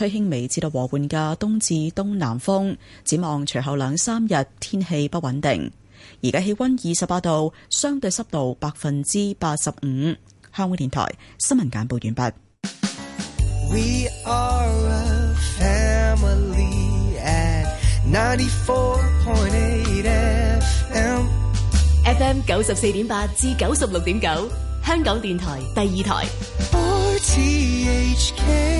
吹輕微至到和緩嘅冬至東南風，展望隨後兩三日天氣不穩定。而家氣溫二十八度，相對濕度百分之八十五。香港電台新聞簡報完畢。FM 九十四點八至九十六點九，香港電台第二台。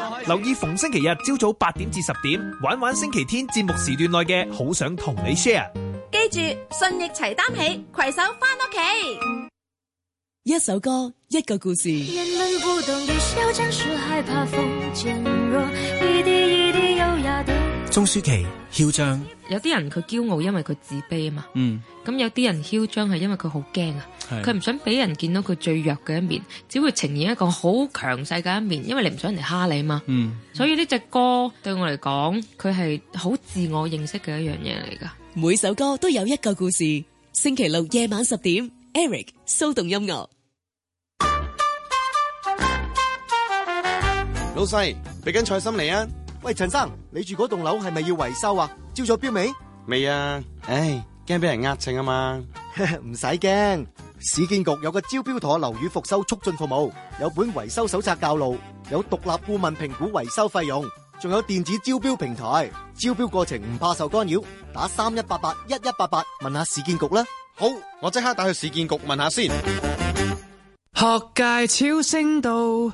留意逢星期日朝早八點至十點，玩玩星期天節目時段內嘅好想同你 share。記住，信亦齊擔起，携手翻屋企。一首歌，一個故事。 鍾舒淇囂張，有啲人佢驕傲，因為佢自卑啊嘛。嗯，咁有啲人囂張係因為佢好驚啊，佢唔想俾人見到佢最弱嘅一面，只會呈現一個好強勢嘅一面，因為你唔想人哋蝦你啊嘛。嗯，所以呢隻歌對我嚟講，佢係好自我認識嘅一樣嘢嚟噶。每首歌都有一個故事。星期六夜晚十點，Eric 騷動音樂。老細，俾緊菜心嚟啊！喂，陳生，你住嗰棟樓係咪要維修啊？招咗標未？未啊，唉，驚俾人呃稱啊嘛，唔使驚。市建局有個招標妥樓宇復修促進服務，有本維修手冊教路，有獨立顧問評估維修費用，仲有電子招標平台，招標過程唔怕受干擾。打三一八八一一八八問下市建局啦。好，我即刻打去市建局問下先。學界超聲道。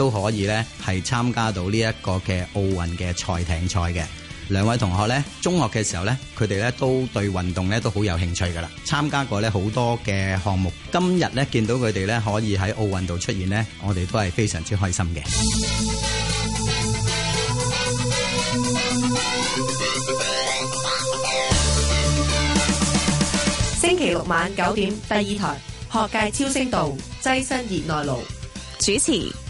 都可以咧，係參加到呢一個嘅奧運嘅賽艇賽嘅兩位同學咧。中學嘅時候咧，佢哋咧都對運動咧都好有興趣㗎喇。參加過咧好多嘅項目。今日咧見到佢哋咧可以喺奧運度出現咧，我哋都係非常之開心嘅。星期六晚九點，第二台學界超聲道躋身熱內盧主持。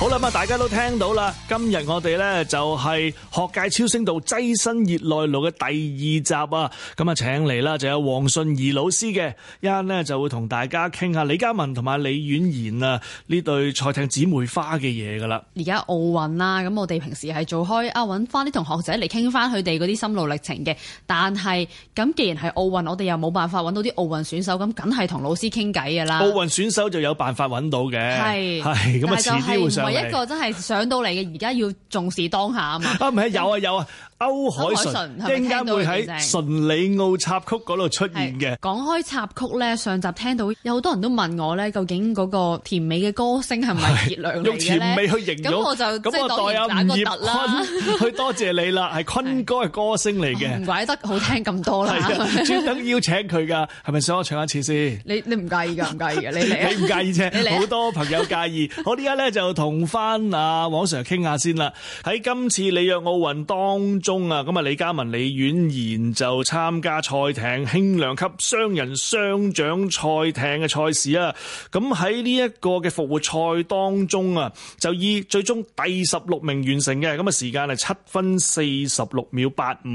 好啦，咁啊，大家都聽到啦。今日我哋咧就係學界超星度躋身熱內盧嘅第二集啊。咁啊，請嚟啦，就有黃順兒老師嘅，一陣呢，就會同大家傾下李嘉文同埋李婉賢啊呢對賽艇姊妹花嘅嘢噶啦。而家奧運啊，咁我哋平時係做開啊，揾翻啲同學仔嚟傾翻佢哋嗰啲心路歷程嘅。但係咁，既然係奧運，我哋又冇辦法揾到啲奧運選手，咁梗係同老師傾偈噶啦。奧運選手就有辦法揾到嘅，係係咁啊，遲啲、就是、會上。一個真係上到嚟嘅，而家要重視當下啊嘛。 啊，唔係有啊，有啊。有啊歐鎧淳，更加會喺《淳里奧插曲》嗰度出現嘅。講開插曲咧，上集聽到有好多人都問我咧，究竟嗰個甜美嘅歌聲係咪葉亮嚟嘅咧？用甜美去形容，咁我就咁啊代有吳葉坤，去多謝你啦，係坤哥嘅歌聲嚟嘅，唔怪得好聽咁多啦。專登邀請佢噶，係咪想我唱一次先？你你唔介意噶，唔介意嘅，你嚟。你唔介意啫，好多朋友介意。好，呢家咧就同翻阿黃常傾下先啦。喺今次里約奧運當中。中啊，咁啊，李嘉文、李婉賢就參加賽艇輕量級雙人雙槳賽艇嘅賽事啊。咁喺呢一個嘅復活賽當中啊，就以最終第十六名完成嘅，咁啊時間係七分四十六秒八五。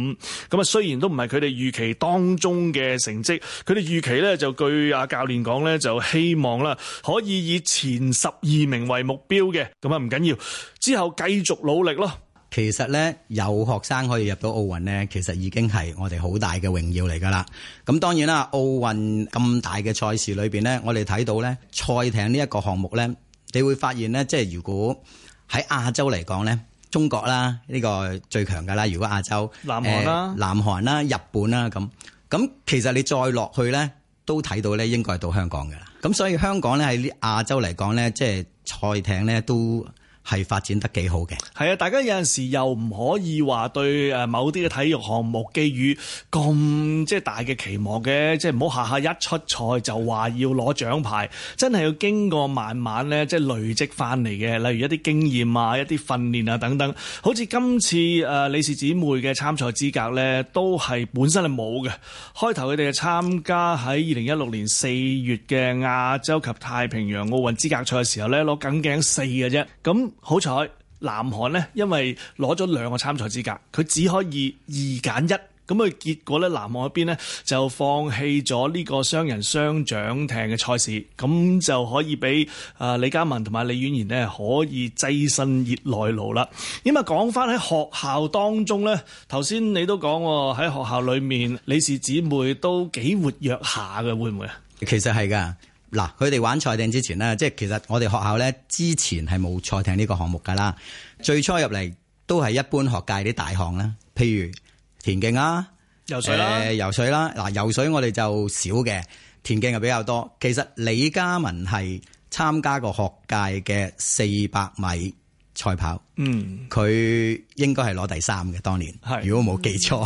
咁啊，雖然都唔係佢哋預期當中嘅成績，佢哋預期呢，就據阿教練講呢，就希望啦可以以前十二名為目標嘅。咁啊唔緊要，之後繼續努力咯。其實咧有學生可以入到奧運咧，其實已經係我哋好大嘅榮耀嚟噶啦。咁當然啦，奧運咁大嘅賽事裏邊咧，我哋睇到咧賽艇呢一個項目咧，你會發現咧，即係如果喺亞洲嚟講咧，中國啦呢個最強噶啦。如果亞洲，南韓啦、啊呃，南韓啦，日本啦，咁咁其實你再落去咧，都睇到咧應該係到香港噶啦。咁所以香港咧喺亞洲嚟講咧，即係賽艇咧都。係發展得幾好嘅？係啊，大家有陣時又唔可以話對誒某啲嘅體育項目寄予咁即係大嘅期望嘅，即係唔好下下一出賽就話要攞獎牌，真係要經過慢慢咧，即係累積翻嚟嘅。例如一啲經驗啊、一啲訓練啊等等。好似今次誒李氏姊妹嘅參賽資格咧，都係本身係冇嘅。開頭佢哋係參加喺二零一六年四月嘅亞洲及太平洋奧運資格賽嘅時候咧，攞緊頸四嘅啫。咁好彩，南韓呢，因為攞咗兩個參賽資格，佢只可以二揀一，咁佢結果咧，南韓一邊呢，就放棄咗呢個雙人雙槳艇嘅賽事，咁就可以俾啊李嘉文同埋李婉賢呢，可以躋身熱內盧啦。咁啊，講翻喺學校當中呢，頭先你都講喺學校裏面，李氏姊妹都幾活躍下嘅，會唔會啊？其實係噶。嗱，佢哋玩賽艇之前咧，即係其實我哋學校咧之前係冇賽艇呢個項目噶啦。最初入嚟都係一般學界啲大項咧，譬如田徑啊、呃、啊、游水啦、游水啦。嗱，游水我哋就少嘅，田徑又比較多。其實李嘉文係參加過學界嘅四百米。賽跑，嗯，佢應該係攞第三嘅當年，係是，如果冇記錯，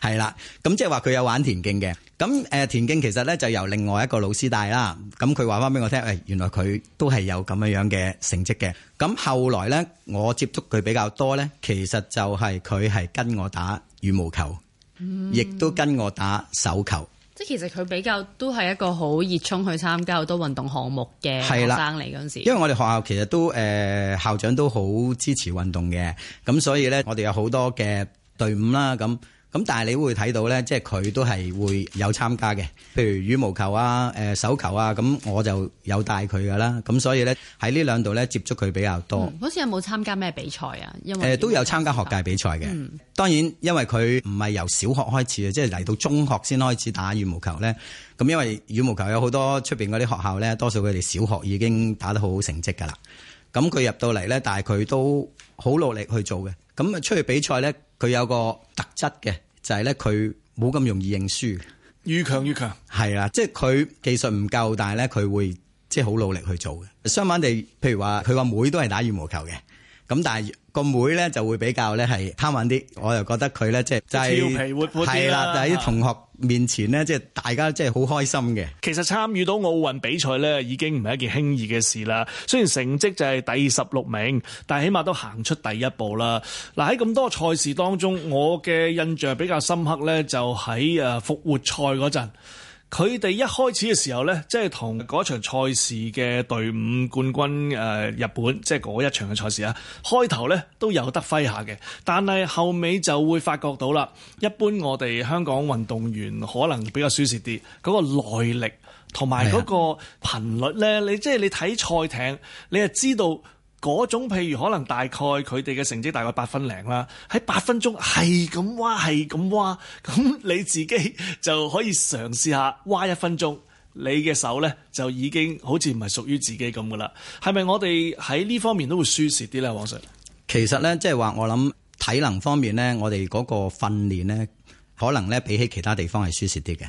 係啦、嗯。咁 即係話佢有玩田徑嘅，咁誒田徑其實咧就由另外一個老師帶啦。咁佢話返俾我聽，誒、哎、原來佢都係有咁樣樣嘅成績嘅。咁後來咧我接觸佢比較多咧，其實就係佢係跟我打羽毛球，亦、嗯、都跟我打手球。即其實佢比較都係一個好熱衷去參加好多運動項目嘅學生嚟嗰陣時的，因為我哋學校其實都誒、呃、校長都好支持運動嘅，咁所以咧我哋有好多嘅隊伍啦咁。咁但係你會睇到呢，即係佢都係會有參加嘅，譬如羽毛球啊、誒、呃、手球啊，咁我就有帶佢噶啦。咁所以呢，喺呢兩度呢，接觸佢比較多。嗯、好似有冇參加咩比賽啊？因為有、呃、都有參加學界比賽嘅。嗯、當然因為佢唔係由小學開始嘅，即係嚟到中學先開始打羽毛球呢。咁因為羽毛球有好多出邊嗰啲學校呢，多數佢哋小學已經打得好好成績㗎啦。咁佢入到嚟呢，但係佢都好努力去做嘅。咁啊出去比賽呢。佢有個特質嘅，就係咧佢冇咁容易認輸，越強越強，係啦，即係佢技術唔夠，但係咧佢會即係好努力去做嘅。相反地，譬如話，佢個妹都係打羽毛球嘅。咁但係個妹咧就會比較咧係貪玩啲，我又覺得佢咧即係調皮活潑啲啦。係啦，喺、啲、同學面前咧，即係、啊、大家即係好開心嘅。其實參與到奧運比賽咧，已經唔係一件輕易嘅事啦。雖然成績就係第十六名，但係起碼都行出第一步啦。嗱，喺咁多賽事當中，我嘅印象比較深刻咧，就喺誒復活賽嗰陣。佢哋一開始嘅時候呢，即係同嗰場賽事嘅隊伍冠軍誒、呃、日本，即係嗰一場嘅賽事啊，開頭呢都有得揮下嘅，但係後尾就會發覺到啦。一般我哋香港運動員可能比較舒適啲，嗰、嗰個耐力同埋嗰個頻率呢，的你即係你睇賽艇，你就知道。嗰種譬如可能大概佢哋嘅成績大概八分零啦，喺八分鐘係咁蛙係咁蛙。咁你自己就可以嘗試下蛙一分鐘，你嘅手咧就已經好似唔係屬於自己咁噶啦，係咪我哋喺呢方面都會輸蝕啲咧？黃 Sir，其實咧即係話我諗體能方面咧，我哋嗰個訓練咧，可能咧比起其他地方係輸蝕啲嘅，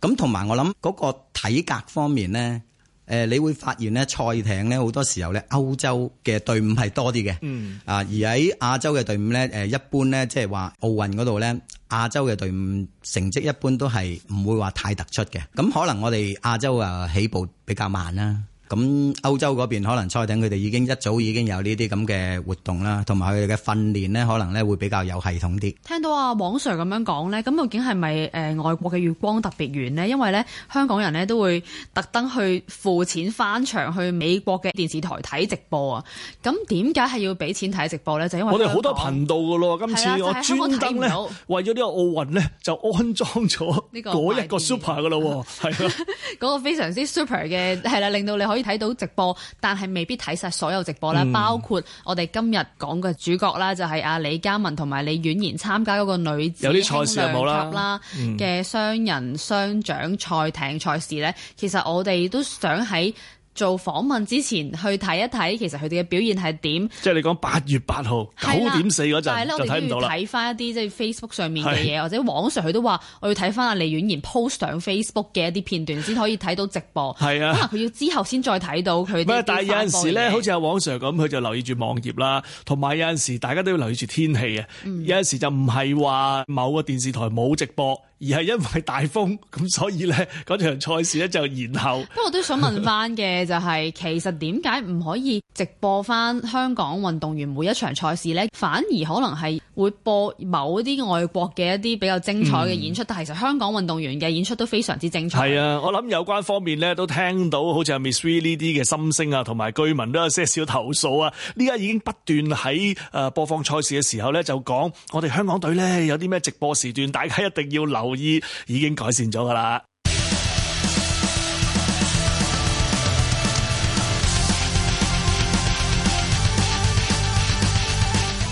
咁同埋我諗嗰個體格方面咧。誒，你會發現咧，賽艇咧好多時候咧，歐洲嘅隊伍係多啲嘅，啊、嗯，而喺亞洲嘅隊伍咧，誒一般咧，即係話奧運嗰度咧，亞洲嘅隊伍成績一般都係唔會話太突出嘅。咁可能我哋亞洲啊起步比較慢啦。咁歐洲嗰邊可能賽艇佢哋已經一早已經有呢啲咁嘅活動啦，同埋佢哋嘅訓練咧，可能咧會比較有系統啲。聽到啊網上咁樣講咧，咁究竟係咪誒外國嘅月光特別圓咧？因為咧香港人咧都會特登去付錢翻牆去美國嘅電視台睇直播啊！咁點解係要俾錢睇直播咧？就因為我哋好多頻道嘅咯，今次、啊就是、我專登咧不為咗呢個奧運咧就安裝咗呢嗰一個 super 噶咯，係 啊， 個非常之 super 嘅係啦，令到你可以。可以睇到直播，但係未必睇晒所有直播啦，嗯、包括我哋今日講嘅主角啦，就係、是、阿李嘉文同埋李婉賢參加嗰個女子輕量級啦嘅雙人雙槳賽艇賽事咧。其實我哋都想喺做訪問之前，去睇一睇其實佢哋嘅表現係點？即係你講八月八號九點四嗰陣就睇唔到我哋都要睇翻一啲即係 Facebook 上面嘅嘢，是或者網上佢都話我要睇翻阿李婉賢 post 上 Facebook 嘅一啲片段先可以睇到直播。係啊，可能佢要之後先再睇到佢哋。但係有陣時咧，好似阿網上咁，佢就留意住網頁啦，同埋有陣時大家都要留意住天氣啊。嗯、有陣時就唔係話某個電視台冇直播。而係因為大風，咁，所以咧場賽事咧就延後，不過我都想問翻嘅就係、是、 其實點解唔可以直播翻香港運動員每一場賽事咧？反而可能係會播某啲外國嘅一啲比較精彩嘅演出，嗯、但係其實香港運動員嘅演出都非常之精彩。係啊，我諗有關方面咧都聽到好似係 Ms V 呢啲嘅心聲啊，同埋居民都有些少投訴啊。呢家已經不斷。喺誒播放賽事嘅時候咧，就講我哋香港隊咧有啲咩直播時段，大家一定要留。醫已經改善咗噶啦。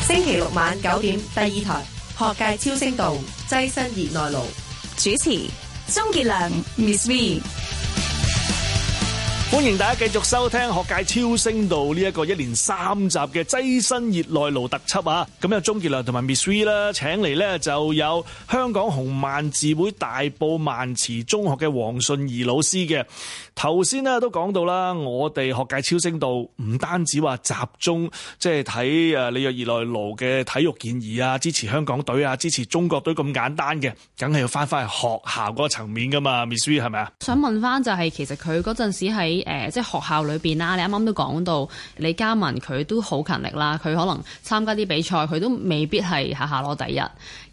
星期六晚九點，第二台《學界超聲道》身熱內，躋身熱內盧主持，鍾傑良 Miss V。歡迎大家繼續收聽《學界超聲道》呢、這、一個一連三集嘅躋身熱內盧特輯啊！咁有鍾傑良同埋 Miss V 啦，請嚟咧就有香港紅卍字會大埔卍慈中學嘅黃順兒老師嘅。頭先咧都講到啦，我哋《學界超聲道》唔單止話集中即係睇誒里約熱內盧嘅體育建議啊，支持香港隊啊，支持中國隊咁簡單嘅，梗係要翻翻去學校嗰個層面噶嘛？Miss V 係咪啊？是是想問翻就係、是，其實佢嗰陣時係。誒，即係學校裏邊啦，你啱啱都講到李嘉文佢都好勤力啦，佢可能參加啲比賽，佢都未必係下下攞第一。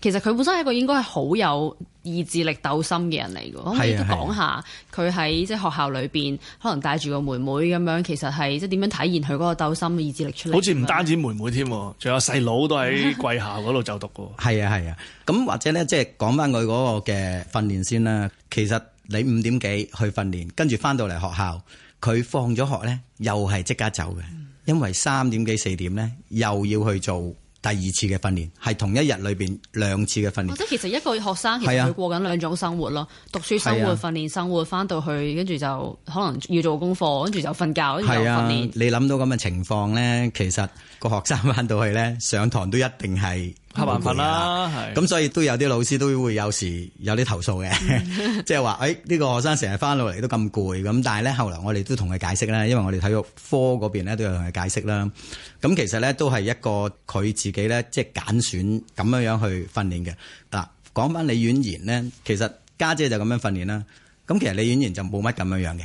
其實佢本身係一個應該係好有意志力鬥、鬥心嘅人嚟嘅，可唔可以都講下佢喺即係學校裏邊可能帶住個妹妹咁樣，其實係即係點樣體現佢嗰個鬥心嘅意志力出嚟？好似唔單止妹妹添，仲有細佬都喺貴校嗰度就讀嘅。係啊係啊，咁、啊啊、或者咧即係講翻佢嗰個嘅訓練先啦，其實。你五點幾去訓練，跟住翻到嚟學校，佢放咗學呢，又係即刻走嘅，因為三點幾四點呢，又要去做第二次嘅訓練，係同一日裏邊兩次嘅訓練。即係其實一個學生其實佢過緊兩種生活咯，讀書生活、訓練生活，翻到去跟住就可能要做功課，跟住就瞓覺，跟住又訓練。你諗到咁嘅情況呢，其實個學生翻到去呢，上堂都一定係。黑眼瞓啦，咁、嗯、所以都有啲老師都會有時有啲投訴嘅，即係話誒呢個學生成日翻到嚟都咁攰，咁但係咧後嚟我哋都同佢解釋啦，因為我哋體育科嗰邊咧都有同佢解釋啦。咁其實咧都係一個佢自己咧即係揀選咁樣樣去訓練嘅。嗱，講翻李婉賢咧，其實家、就是、姐，姐就咁樣訓練啦。咁其實李婉賢就冇乜咁樣樣嘅，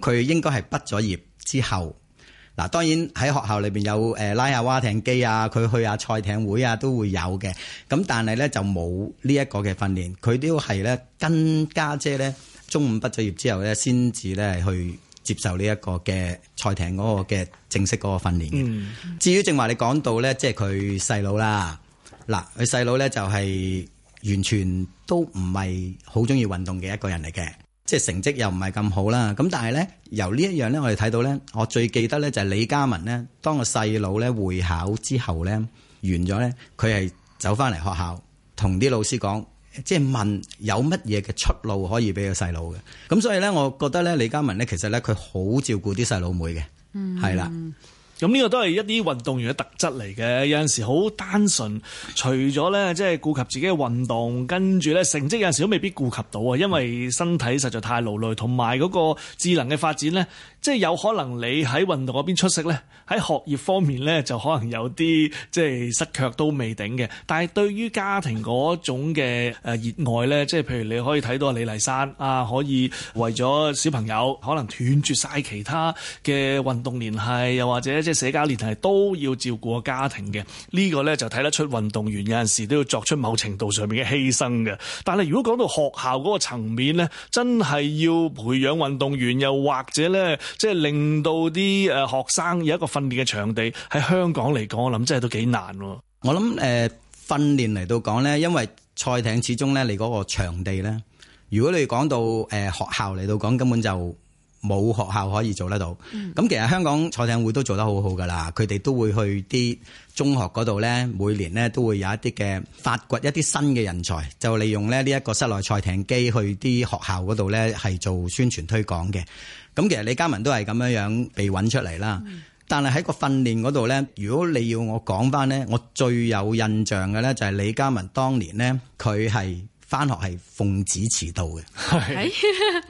佢應該係畢咗業之後。嗱，當然喺學校裏邊有誒、呃、拉下蛙艇機啊，佢去下賽艇會啊，都會有嘅。咁但係咧就冇呢一個嘅訓練，佢都要係咧跟家姐咧中五畢咗業之後咧先至咧去接受呢一個嘅賽艇嗰個嘅正式嗰個訓練。嗯、至於正話你講到咧，即係佢細佬啦，嗱佢細佬咧就係完全都唔係好中意運動嘅一個人嚟嘅。即係成績又唔係咁好啦，咁但係咧由呢一樣咧，我哋睇到咧，我最記得咧就係李嘉文咧，當個細佬咧會考之後咧完咗咧，佢係走翻嚟學校同啲老師講，即係問有乜嘢嘅出路可以俾個細佬嘅，咁所以咧，我覺得咧李嘉文咧其實咧佢好照顧啲細佬妹嘅，係啦、嗯。咁呢個都係一啲運動員嘅特質嚟嘅，有陣時好單純，除咗呢即係顧及自己嘅運動，跟住呢成績有陣時都未必顧及到啊，因為身體實在太勞累，同埋嗰個智能嘅發展呢。即係有可能你喺運動嗰邊出色呢，喺學業方面呢，就可能有啲即係失卻都未定嘅。但係對於家庭嗰種嘅誒熱愛呢，即係譬如你可以睇到李麗珊啊，可以為咗小朋友可能斷絕晒其他嘅運動聯繫，又或者即係社交聯繫都要照顧個家庭嘅。呢、這個呢，就睇得出運動員有陣時都要作出某程度上面嘅犧牲嘅。但係如果講到學校嗰個層面呢，真係要培養運動員，又或者呢。即係令到啲誒學生有一個訓練嘅場地，喺香港嚟講，我諗真係都幾難。我諗誒訓練嚟到講咧，因為賽艇始終咧你嗰個場地咧，如果你講到誒、呃、學校嚟到講，根本就。冇學校可以做得到，咁、嗯、其實香港賽艇會都做得好好㗎啦，佢哋都會去啲中學嗰度呢每年呢都會有一啲嘅發掘一啲新嘅人才，就利用咧呢一個室內賽艇機去啲學校嗰度呢係做宣傳推廣嘅。咁其實李嘉文都係咁樣樣被揾出嚟啦，但係喺個訓練嗰度呢，如果你要我講返呢，我最有印象嘅呢就係李嘉文當年呢，佢係。返學係奉旨遲到嘅，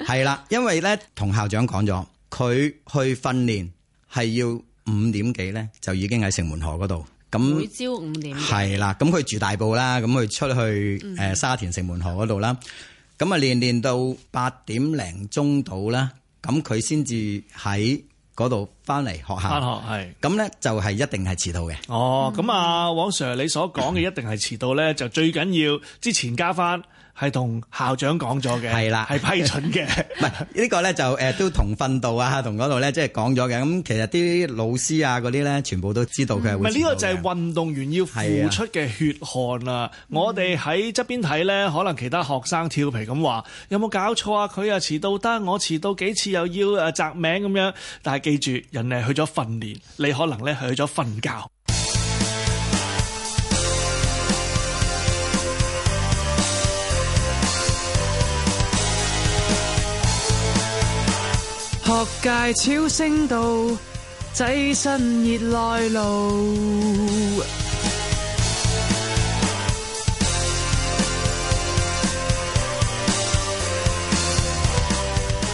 係啦是的， 因為咧同校長講咗，佢去訓練係要五點幾咧，就已經喺城門河嗰度。咁每朝五點。係啦，咁佢住大埔啦，咁佢出去誒、呃、沙田城門河嗰度啦，咁啊練練到八點零鐘到啦，咁佢先至喺。嗰度翻嚟學校，翻學係咁咧，就係一定係遲到嘅。哦，咁啊、嗯，黃 sir 你所講嘅一定係遲到咧，嗯、就最緊要之前加翻。係同校長講咗嘅，係啦的，係批准嘅。唔係呢個咧就誒、呃、都同訓導啊，同嗰度咧即係講咗嘅。咁其實啲老師啊嗰啲咧，全部都知道嘅。係、嗯。呢、這個就係運動員要付出嘅血汗啊！的我哋喺側邊睇咧，可能其他學生調皮咁話：嗯、有冇搞錯啊？佢啊遲到得，我遲到幾次又要誒摘名咁樣？但係記住，人哋去咗訓練，你可能咧去咗瞓覺。學界超聲道，躋身熱內盧。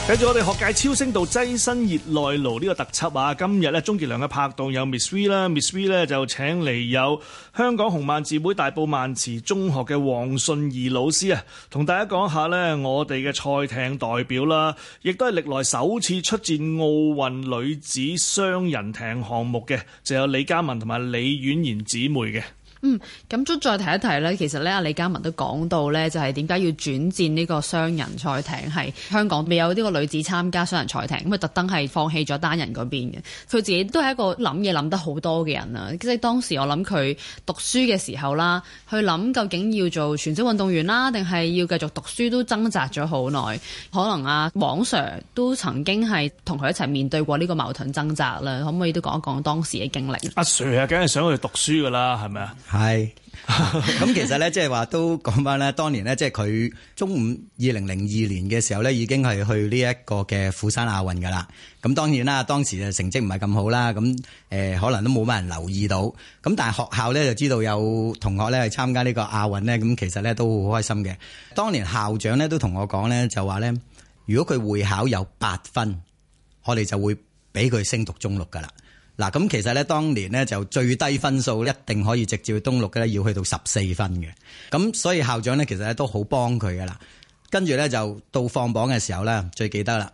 跟住我哋學界超聲道躋身熱內盧呢個特輯啊。今日咧鍾傑良嘅拍檔有 Miss V 啦，Miss V e 咧就請嚟有香港紅卍字會大埔卍慈中學嘅黃順兒老師啊，同大家講下咧我哋嘅賽艇代表啦，啊，亦都係歷來首次出戰奧運女子雙人艇項目嘅，就有李嘉文同埋李婉賢姊妹嘅。嗯，咁再再提一提呢其實呢，李嘉文都講到呢，就係點解要轉戰呢個雙人賽艇，係香港未有呢個女子參加雙人賽艇，咁啊特登係放棄咗單人嗰邊嘅。佢自己都係一個諗嘢諗得好多嘅人啊，即係當時我諗佢讀書嘅時候啦，去諗究竟要做全職運動員啦，定係要繼續讀書都掙扎咗好耐。可能啊，王 Sir 都曾經係同佢一齊面對過呢個矛盾掙扎啦。可唔可以都講一講當時嘅經歷？阿 Sir 啊，梗係、啊、想去讀書噶啦，係咪啊？係，咁 其實咧，即係話都講翻咧，當年咧，即係佢中午二零零二年嘅時候咧，已經係去呢一個嘅釜山亞運噶啦。咁當然啦，當時就成績唔係咁好啦，咁誒，可能都冇乜人留意到。咁但係學校咧就知道有同學咧去參加呢個亞運咧，咁其實咧都好開心嘅。當年校長咧都同我講咧，就話咧，如果佢會考有八分，我哋就會俾佢升讀中六噶啦。嗱，咁其實咧，當年咧就最低分數一定可以直接去中六嘅咧，要去到十四分嘅。咁所以校長咧，其實咧都好幫佢嘅啦。跟住咧就到放榜嘅時候咧，最記得啦。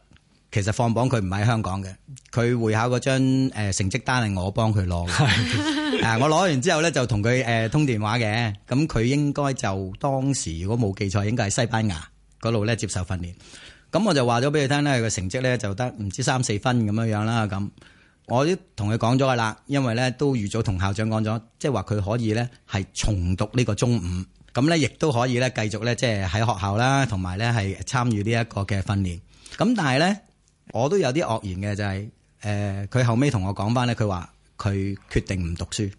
其實放榜佢唔喺香港嘅，佢會考嗰張成績單係我幫佢攞。係，啊，我攞完之後咧就同佢誒通電話嘅。咁佢應該就當時如果冇記錯，應該係西班牙嗰度咧接受訓練。咁我就話咗俾佢聽咧，佢成績咧就得唔知三四分咁樣樣啦咁。我都同佢講咗噶啦，因為咧都預早同校長講咗，即係話佢可以咧係重讀呢個中五，咁咧亦都可以咧繼續咧即係喺學校啦，同埋咧係參與呢一個嘅訓練。咁但係咧，我都有啲愕然嘅，就係誒佢後尾同我講返咧，佢話佢決定唔讀書，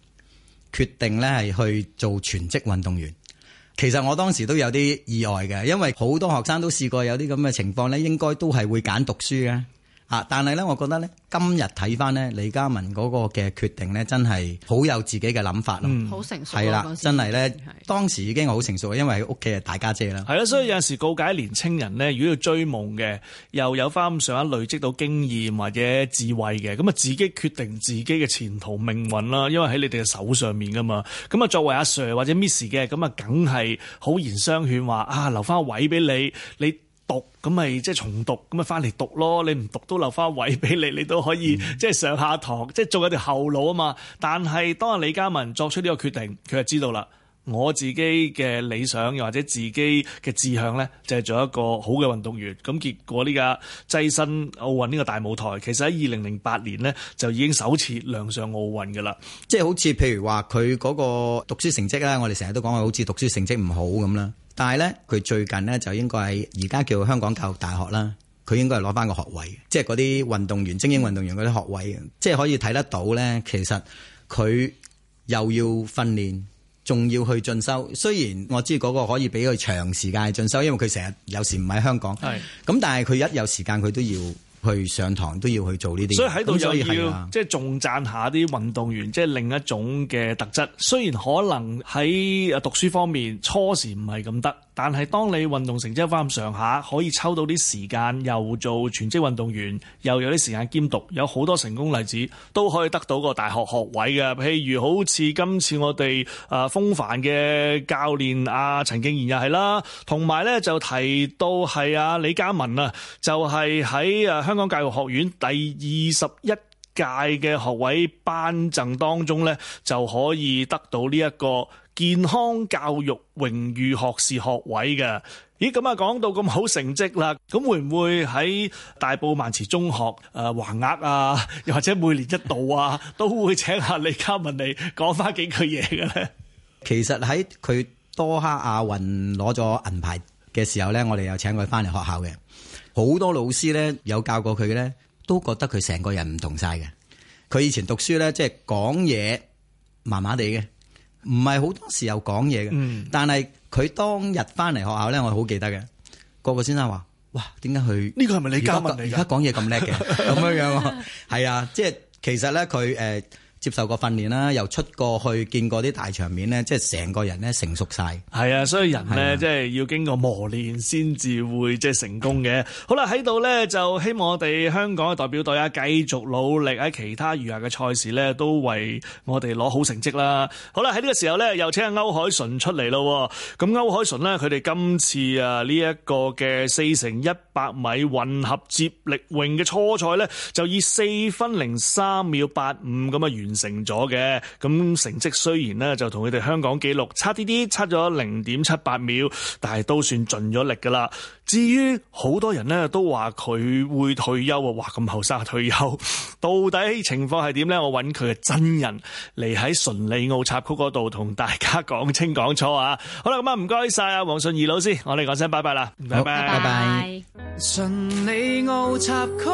決定咧係去做全職運動員。其實我當時都有啲意外嘅，因為好多學生都試過有啲咁嘅情況咧，應該都係會揀讀書嘅。但係咧，我覺得咧，今日睇翻咧，李嘉文嗰個嘅決定咧，真係好有自己嘅諗法咯。好、嗯、成熟，係啦了，真係咧。當時已經好成熟，因為屋企係大家姐啦。係啦，所以有陣時告誡年青人咧，如果要追夢嘅，又有翻咁上下累積到經驗或者智慧嘅，咁啊自己決定自己嘅前途命運啦，因為喺你哋嘅手上面噶嘛。咁啊，作為阿 Sir 或者 Miss 嘅，咁啊梗係好言相勸話啊，留翻個位俾你，你。讀咁咪即係重讀，咁咪翻嚟讀咯。嗯、你唔讀都留翻位俾你，你都可以即係上下堂，嗯、即係做咗條後路啊嘛。但係當李嘉文作出呢個決定，佢就知道啦。我自己嘅理想又或者自己嘅志向呢，就係、是、做一個好嘅運動員。咁結果呢個躋身奧運呢、呢個大舞台，其實喺二零零八年呢，就已經首次亮相奧運嘅啦。即係好似譬如話佢嗰個讀書成績啦，我哋成日都講佢好似讀書成績唔好咁啦。但係咧，佢最近咧就應該係而家叫香港教育大學啦。佢應該係攞返個學位，即係嗰啲運動員、精英運動員嗰啲學位，即係可以睇得到咧。其實佢又要訓練，仲要去進修。雖然我知嗰個可以俾佢長時間進修，因為佢成日有時唔喺香港。係咁，但係佢一有時間，佢都要，去上堂都要去做呢啲，所以喺度又要即係重讚下啲運動員即係、啊、另一種嘅特質，雖然可能喺讀書方面初時唔係咁得，但係當你運動成績翻咁上下，可以抽到啲時間又做全職運動員，又有啲時間兼讀，有好多成功例子都可以得到個大學學位嘅。譬如好似今次我哋誒、啊、風帆嘅教練阿陳敬然又係啦，同埋咧就提到係啊李嘉文啊，文就係、是、喺啊香。香港教育學院第二十一屆嘅學位頒贈當中咧，就可以得到呢一個健康教育榮譽學士學位嘅。咦，咁啊，講到咁好成績啦，咁會唔會喺大埔卍慈中學誒橫額啊，又或者每年一度啊，都會請下李嘉文嚟講翻幾句嘢嘅咧？其實喺佢多哈亞運攞咗銀牌嘅時候咧，我哋又請佢翻嚟學校嘅。好多老師咧，有教過佢嘅咧，都覺得佢成個人唔同晒嘅。佢以前讀書咧，即係講嘢麻麻地嘅，唔係好多時候講嘢嘅。嗯、但係佢當日翻嚟學校咧，我好記得嘅。個個先生話：哇，點解佢呢個係咪你教？而家講嘢咁叻嘅，咁 樣樣啊？係啊，即係其實咧，佢、呃、誒。接受過訓練啦，又出過去見過啲大場面呢，即係成個人咧，成熟晒。係啊，所以人呢，啊、即係要經過磨練先至會即係成功嘅。 好啦，喺度呢，就希望我哋香港嘅代表隊啊，繼續努力喺其他餘下嘅賽事呢，都為我哋攞好成績啦。好啦，喺呢個時候呢，又請歐鎧淳出嚟咯。咁歐鎧淳呢，佢哋今次啊呢一、呢個嘅四乘一百米混合接力泳嘅初賽呢，就以四分零三秒八五咁嘅完成咗嘅咁成績，雖然呢就同佢哋香港紀錄差啲啲，差咗零點七八秒，但係都算盡咗力噶啦。至於好多人呢都話佢會退休啊，哇咁後生退休到底情況係點呢？我揾佢嘅真人嚟，喺淳里奧插曲嗰度同大家講清講楚啊。好啦，咁啊唔該晒啊，黃順兒老師，我哋講聲拜拜啦，拜拜好拜拜。淳拜里奧插曲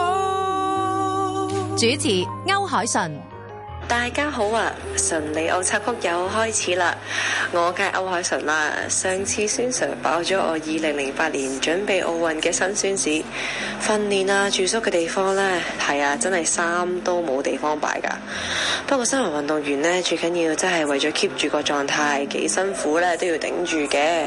主持歐鎧淳。大家好啊！「淳」里奧插曲又開始啦！我梗係歐鎧淳啦，上次孫 Sir 爆咗我二零零八年準備奧運嘅新宣紙訓練啊，住宿嘅地方咧，係啊，真係衫都冇地方擺噶。不過身為運動員咧，最緊要真係為咗 keep 住個狀態，幾辛苦咧都要頂住嘅。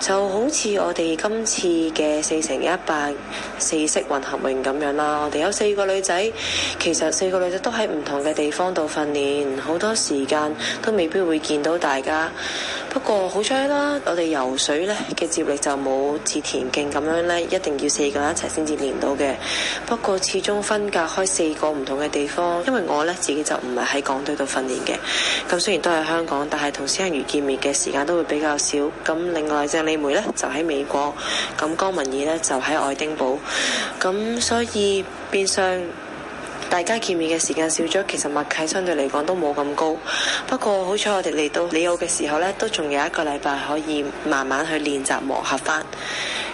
就好似我哋今次嘅四乘一百四式混合泳咁樣啦，我哋有四個女仔，其實四個女仔都喺唔同嘅地方度。訓練好多時間都未必會見到大家，不過好彩啦，我哋游水咧嘅接力就冇似田徑咁樣咧，一定要四個人一齊先至練到嘅。不過始終分隔開四個唔同嘅地方，因為我咧自己就唔係喺港隊度訓練嘅，咁雖然都係香港，但係同施幸余見面嘅時間都會比較少。咁另外鄭莉梅呢，就喺美國，咁江忞懿呢，就喺愛丁堡，咁所以變相。大家見面嘅時間少咗，其實默契相對嚟講都冇咁高。不過好彩我哋嚟到里奧嘅時候咧，都仲有一個禮拜可以慢慢去練習磨合返。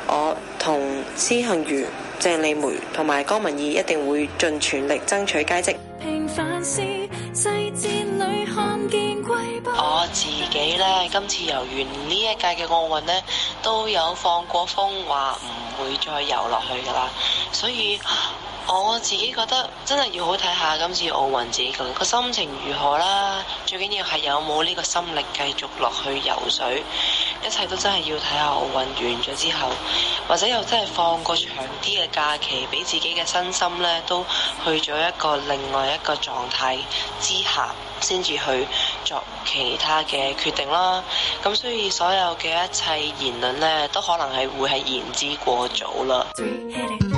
我同施杏如、鄭麗梅同埋江文義一定會盡全力爭取佳績。我自己呢，今次游完呢一屆嘅奧運呢，都有放過風，話唔會再游落去㗎喇，所以我自己覺得真係要好睇下今次奧運自己個個心情如何啦，最緊要係有冇呢個心力繼續落去游水。一切都真係要睇下奧運完咗之後，或者又真係放個長啲嘅假期俾自己嘅身心咧，都去咗一個另外一個狀態之下，先至去作其他嘅決定啦。咁所以所有嘅一切言論咧，都可能係會係言之過早啦。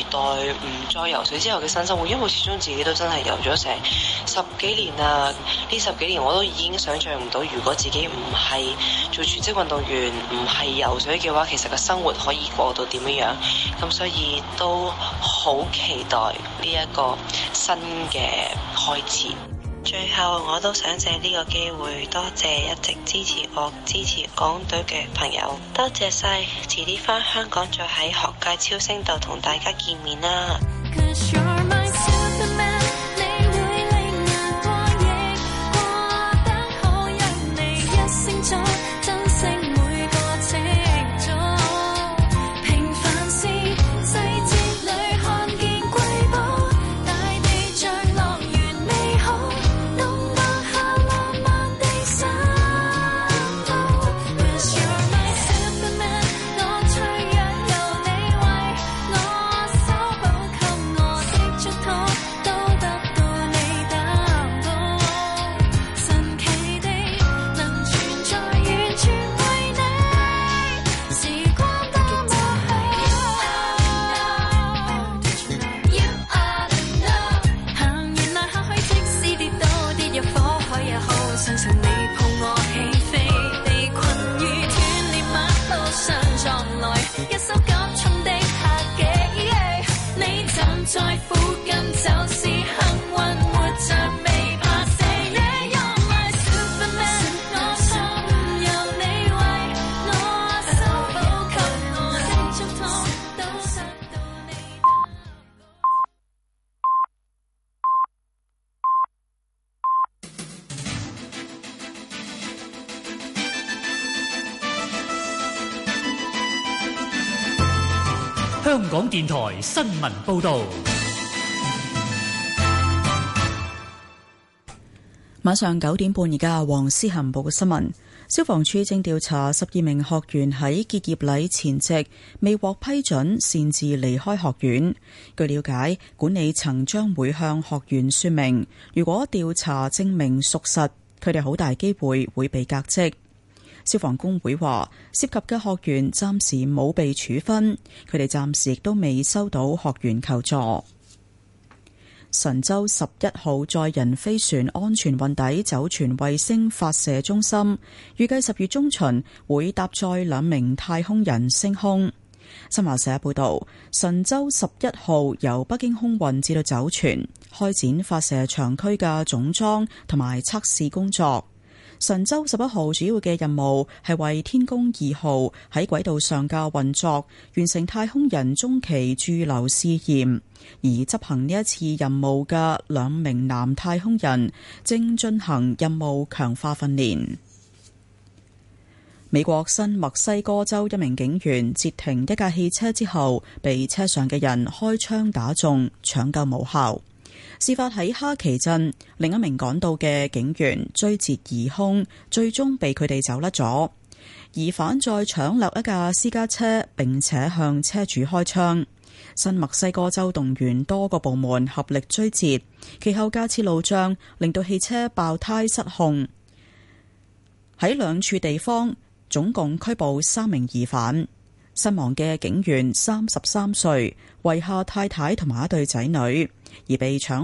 期待唔再游水之後嘅新生活，因為始終自己都真係游咗成十幾年啦。呢十幾年我都已經想像唔到，如果自己唔係做全職運動員，唔係游水嘅話，其實個生活可以過到點樣樣。咁所以都好期待呢一個新嘅開始。最後，我都想借呢個機會多謝一直支持我、支持港隊嘅朋友，多謝晒，遲啲返香港再喺學界超星度同大家見面啦。新聞報道，晚上九點半，而家黃思恒報嘅新聞。消防處正調查十二名學員喺結業禮前夕未獲批准擅自離開學院。據了解，管理層將會向學員說明，如果調查證明屬實，佢哋好大機會會被革職。消防工會話，涉及嘅學員暫時冇被處分，佢哋暫時亦都未收到學員求助。神舟十一號載人飛船安全運抵酒泉衛星發射中心，預計十月中旬會搭載兩名太空人升空。新華社報道，神舟十一號由北京空運至到酒泉，開展發射場區嘅總裝同埋測試工作。神舟十一號主要嘅任務係為天宮二號喺軌道上架運作，完成太空人中期駐留試驗，而執行呢一次任務嘅兩名男太空人正進行任務強化訓練。美國新墨西哥州一名警員截停一架汽車之後，被車上嘅人開槍打中，搶救無效。事發喺哈奇鎮，另一名趕到嘅警員追截疑兇，最終被佢哋走甩咗。疑犯再搶掠一架私家車，並且向車主開槍。新墨西哥州動員多個部門合力追截，其後加設路障，令到汽車爆胎失控。喺兩處地方，總共拘捕三名疑犯。身亡嘅警員三十三歲，遺下太太同埋一對仔女，而被搶。